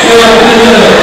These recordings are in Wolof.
Thank you.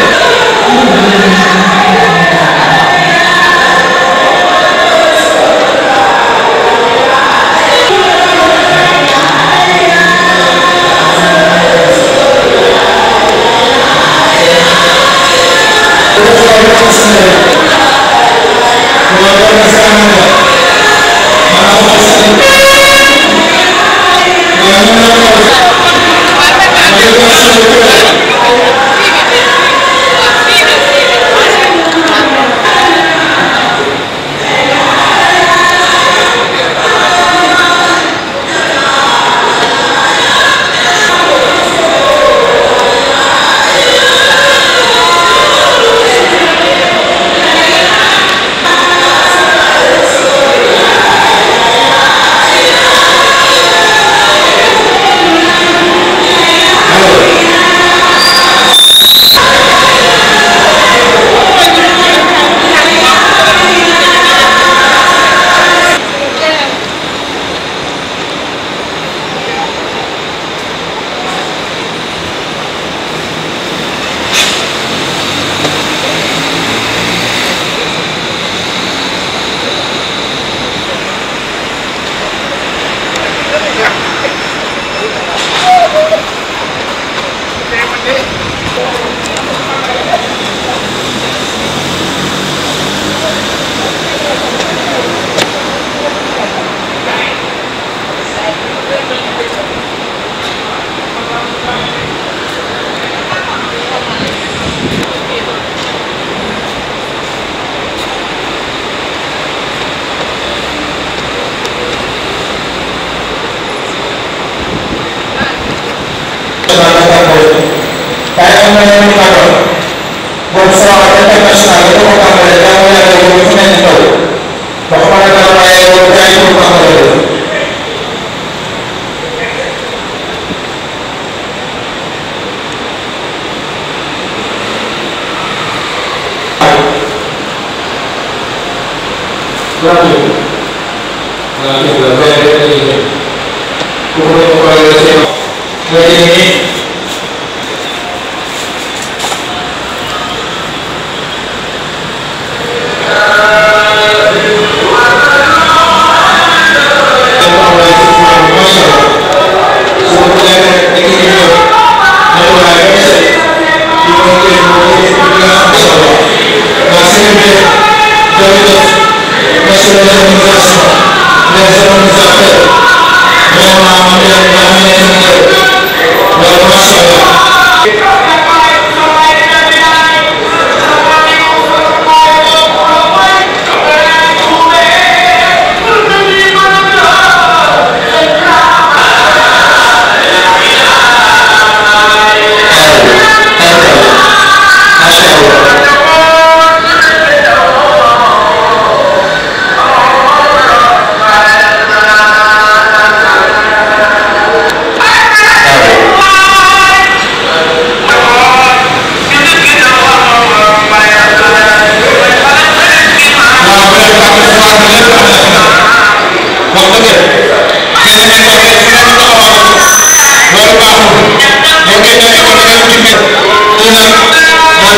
Thank you.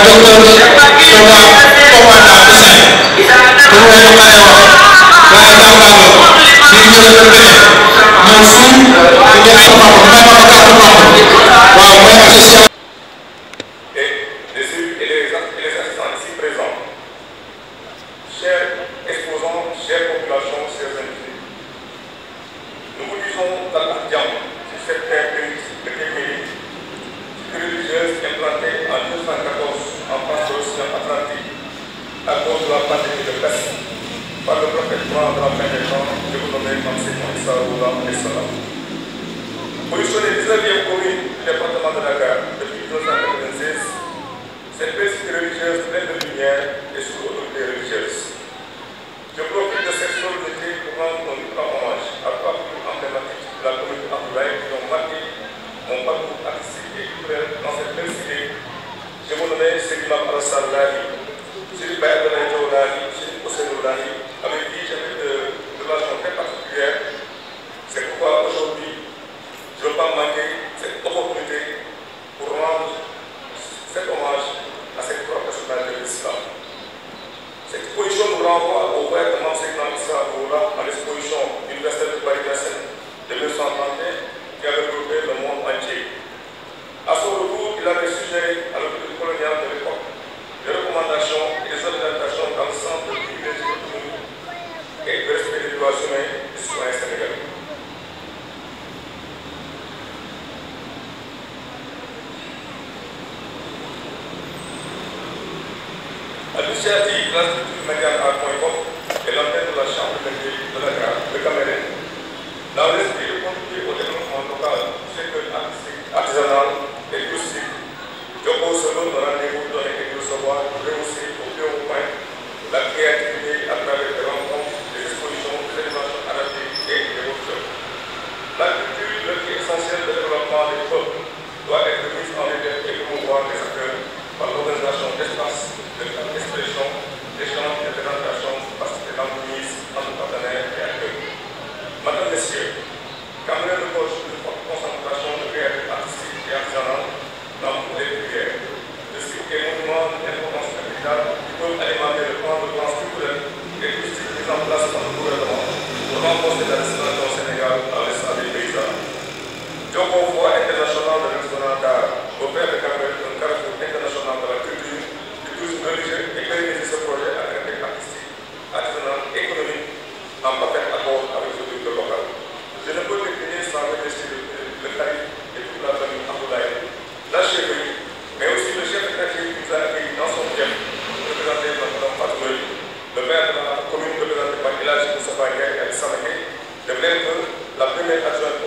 trung tướng trung công an đảo chia sẻ cũng như chúng ta đều lại đồng bào đi như dân về nhiều xứ cũng như anh phòng chúng ta có các phòng vào với các chiến sĩ pas manquer cette opportunité pour rendre cet hommage à cette propre de l'islam. Cette position nous renvoie Gracias.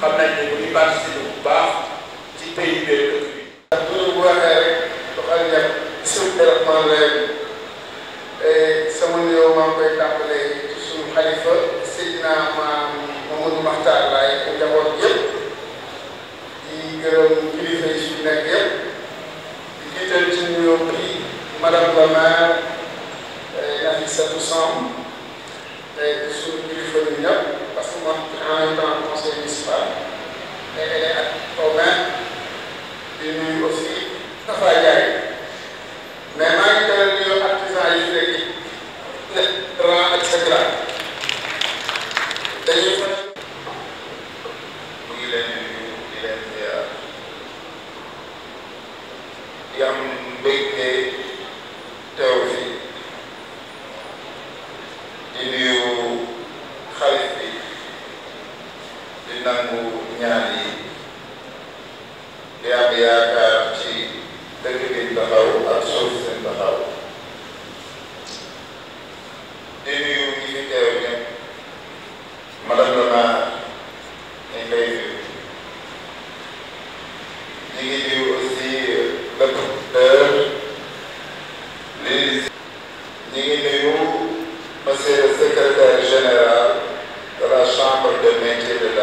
xam nañ ne bu ñu baax ci PIB dëkk bi. ak bu ñu waxee rek dafa nekk suñu développement réew mi eh, sama nuyoo maa ngi koy tàmbalee ci suñu xalifa Seydina maam Mamadou Makhtar Laye di gërëm kilifa yi suñu di jiital ci nuyoo bi madame la maire Nafissatou eh, Samb te eh, suñu kilifa bi connected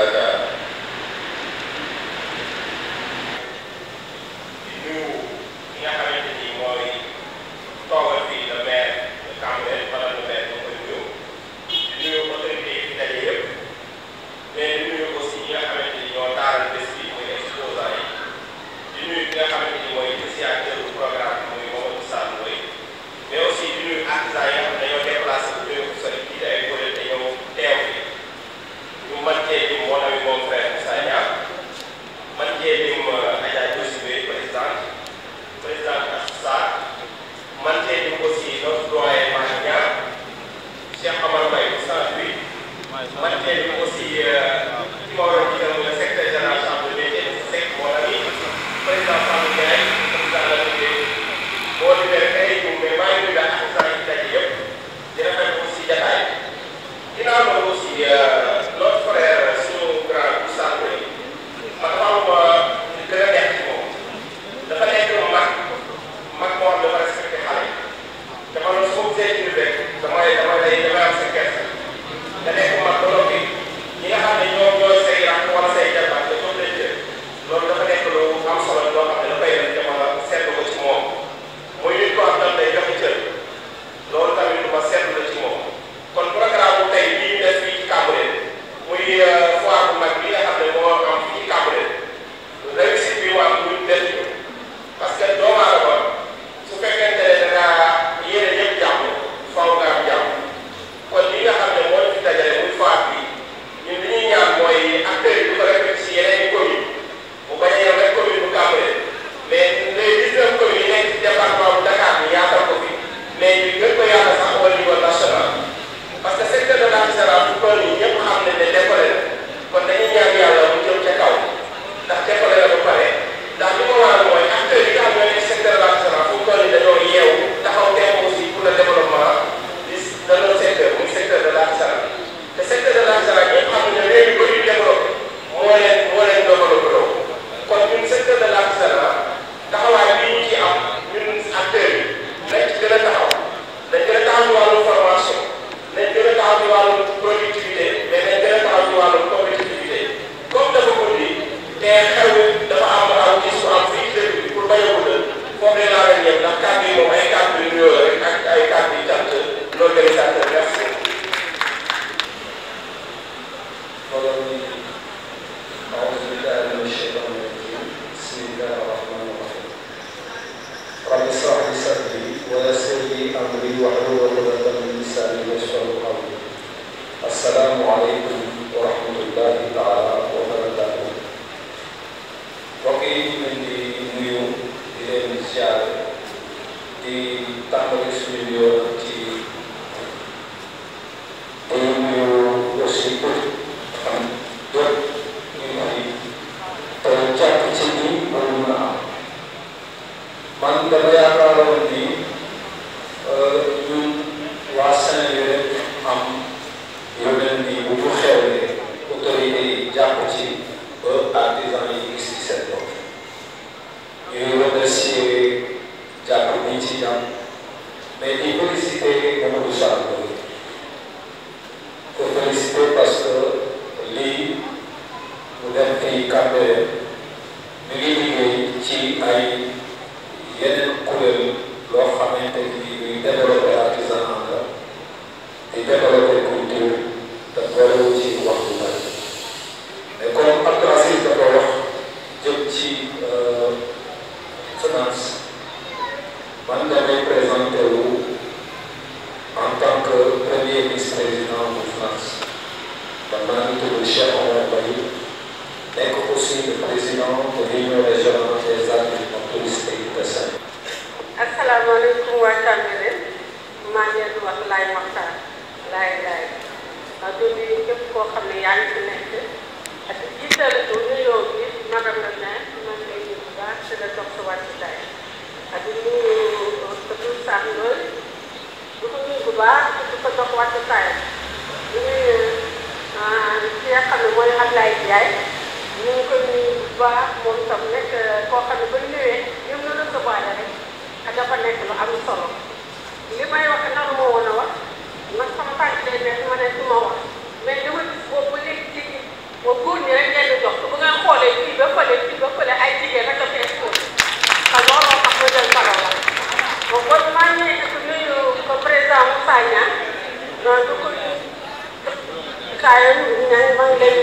saa yooyu nga ne ma ngi lay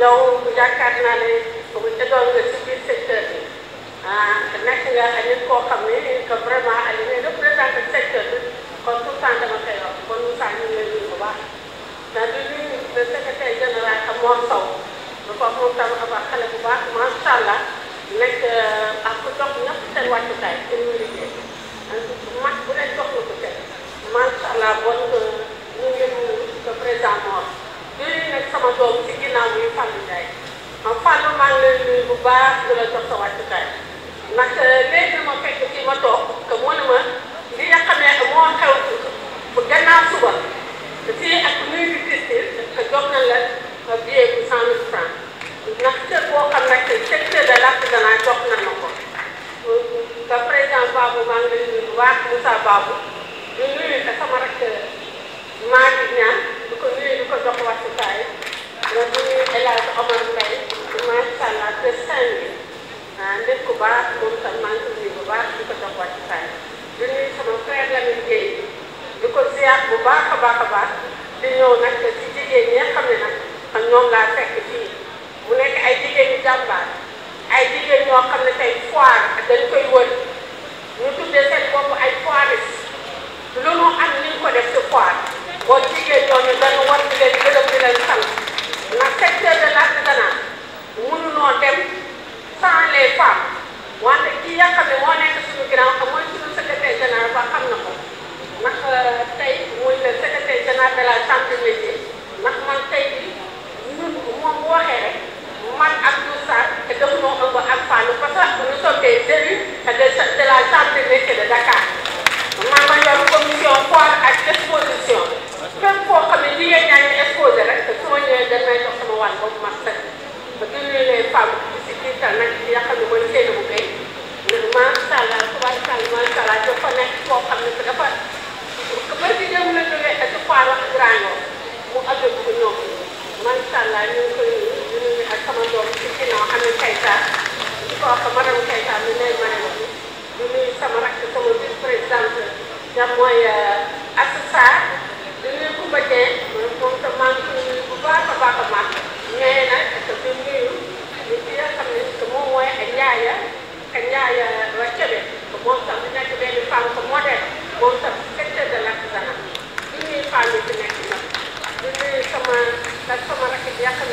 yow yaakaar naa ne boobu tegoon nga ci biir secteur bi ah nekk nga nit koo xam ne que vraiment li ngay représenté secteur bi kon tout le temps dama koy wax kon Moussa ñu ngi lay nuyu bu baax. ndax du nuyu le secrétaire général ak Mor Sow lu ko moom tam xabaar xale bu baax macha allah nekk euh, ak ku jox ñëpp seen wàccukaay seen liggéey mag bu ne jox la ko tey macha allah bon euh, ñu ngi leen di président Mor. léegi nag sama doom ci ginnaaw muy Fallou Ndiaye man Fallou maa ngi lay nuyu bu baax di la jox sa wàccukaay ndax euh, léegi ma fekk ci ma toog te mu ne ma li nga xamee ne moo xew bu gannaaw suba te fii ak nuyu bi pistil te jox na la billet bu cent mille franc ndax kër boo xam nag secteur de l'artisanat jox na ma ko te euh, président Babou maa ngi lay bu baax Moussa Babou ñu nuyu te sama maa ngi ñaan ko jox wàccukaay nga bu El Hadj Omar Mbaye macha allah te sañ bi ah nit ku baax moom tam maa ngi nuyu bu baax di ko jox wàccukaay di nuyu sama frère Lamine Gueye di ko ziar bu baax a baax a baax di ño nag ci jigéen ñi nga xam ne nag ak ñoom laa nekk ay jigéen yu jàmbaar ay jigéen ñoo xam ne tey foire dañ koy wër ñu tuddee seen bopp ay foires loolu am ni ñu ko def ci foire. boo jigéen ñooñu dañu war di leen gërëm di leen sant ndax secteur de l'artisanat mënunoo dem sans les femmes wante ki nga xam ne moo nekk suñu grand mooy suñu secrétaire général ba xam na ko ndax euh, tey muy le secrétaire général de la chambre de métier ndax man tey bi ñun moom bu waxee rek man ak Diouf Sarr te def noo ëmb ak Fallou parce que nous sommes des élus de la chambre de métier de leen damay jox sama wàll boobu ma sëkk ba génnee les femmes si biir tal nag yaa xam ne mooy seen bu kay ndax macha allah macha allah macha allah dafa nekk koo xam ne dafa ba si dem la jógee ak Paar wax Grando mu ëllëg ko ñoom macha allah ñu ngi koy ñu ngi ak sama doom si ginnaaw xam ne Kayta di ko wax madame Kayta mi lay mën a wax ñu nuyu sama rakk sama vice présidente jam mooy euh, Assa Sarr di nuyu Koumba Dieng moom tam maa ngi bu baax a baax a baax mais nag que di nuyu ñi ci nga xam ne que moom mooy ak njaaya ak njaaya Waccabe moom tam di nekk benn femme que modèle moom tam secteur de l'artisanat di nuyu femme yi fi nekk nag di nuyu sama ak sama rakk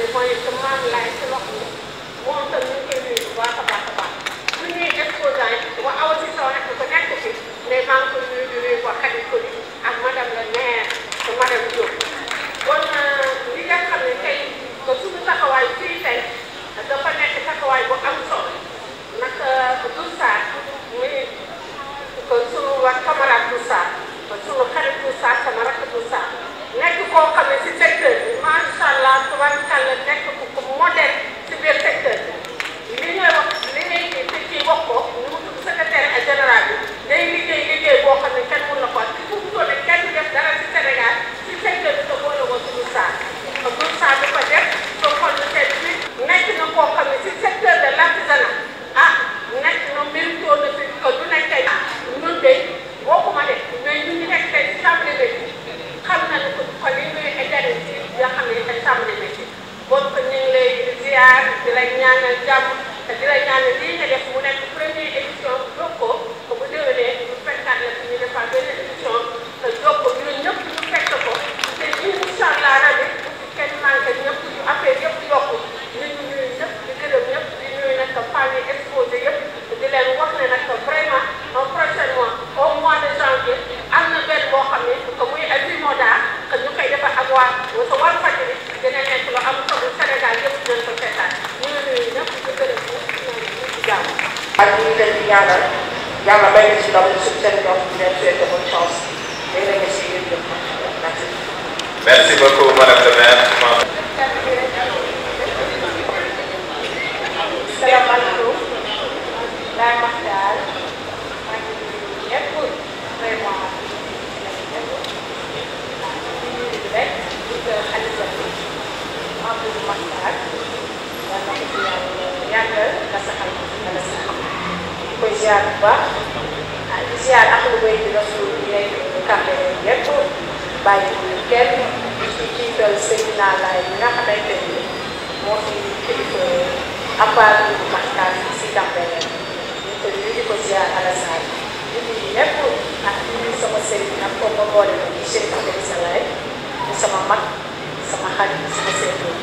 ziar di la a jàmm te la ñaanal lii nga def mu nekk première émission bu ak ñu ngi leen di ñaanal yàlla may leen si ndaw ñu suñu seen doom di leen souhaiter bonne chance léegi nag merci beaucoup. merci beaucoup madame le maire. salaamaaleykum. laay wax daal maa ngi nuyu ñëpp vraiment rek pour que xalifa bi am lu mag daal yàlla na ko yàlla yàggal koy ziar bu baax ah di ziar ak lu bay di rasul bi nekk kàmpe yëpp bàyyi ñu kenn ci jiital Seydina Laay bi nga xamante ni moo fi kilifa à part bu maxtaan si kàmpe ñu ko ñu di ko ziar Alassane ñu ngi ñëpp ak ñu sama sëriñ ak ko ma boole ko ci Cheikh Abdou Salaay mu sama mag sama xarit sama sëriñ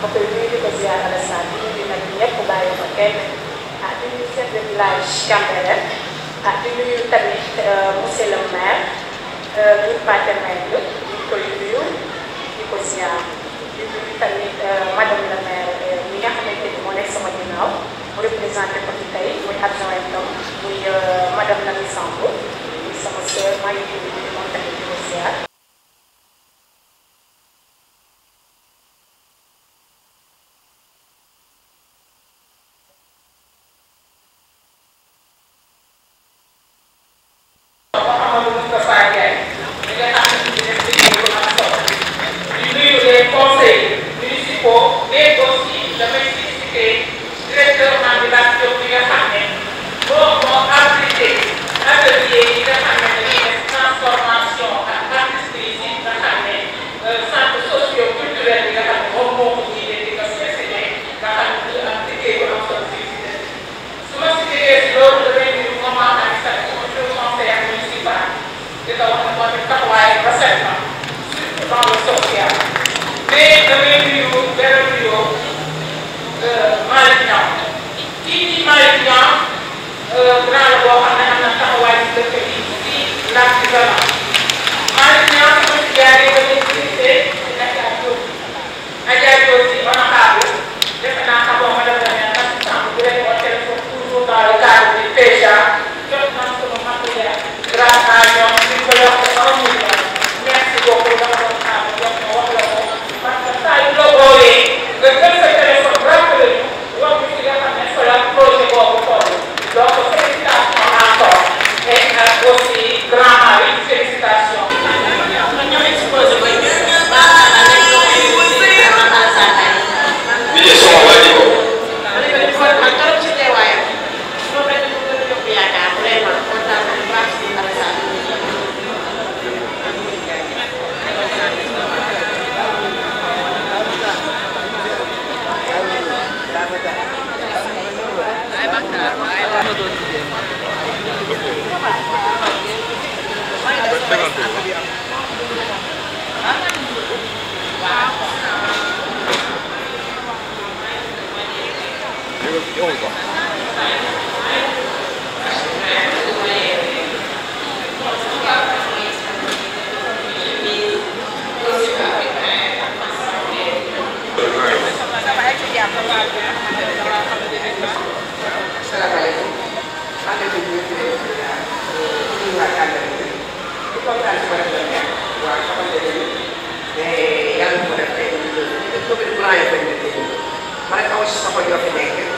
ma koy ñu di ko ziar Alassane ñu ngi nag ñëpp bàyyi ma kenn ah di nuyu chef village Cambérène ah di nuyu tamit euh, monsieur le maire ñun Pathé Mbaye Diop di koy nuyu di ko ziar di nuyu tamit euh, madame la maire euh, mi nga xamante ni moo nekk sama ginnaaw mu représenté ko ci tey muy adjoint muy madame Namy Samb muy sama sœur maa ngi oldu. Eh, yang gitu. mereka itu berpura yang mereka itu harus sampai di akhir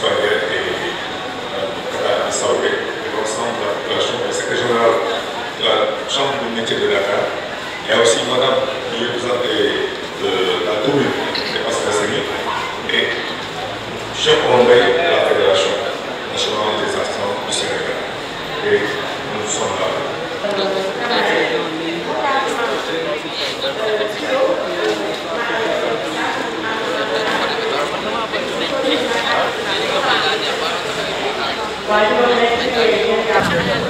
et euh, l'ensemble de la Chambre, le de la Chambre de métier de Dakar. Il y aussi Madame qui est de la et je de la Fédération des artisans du Sénégal. Et nous sommes là. và chúng tôi đến với người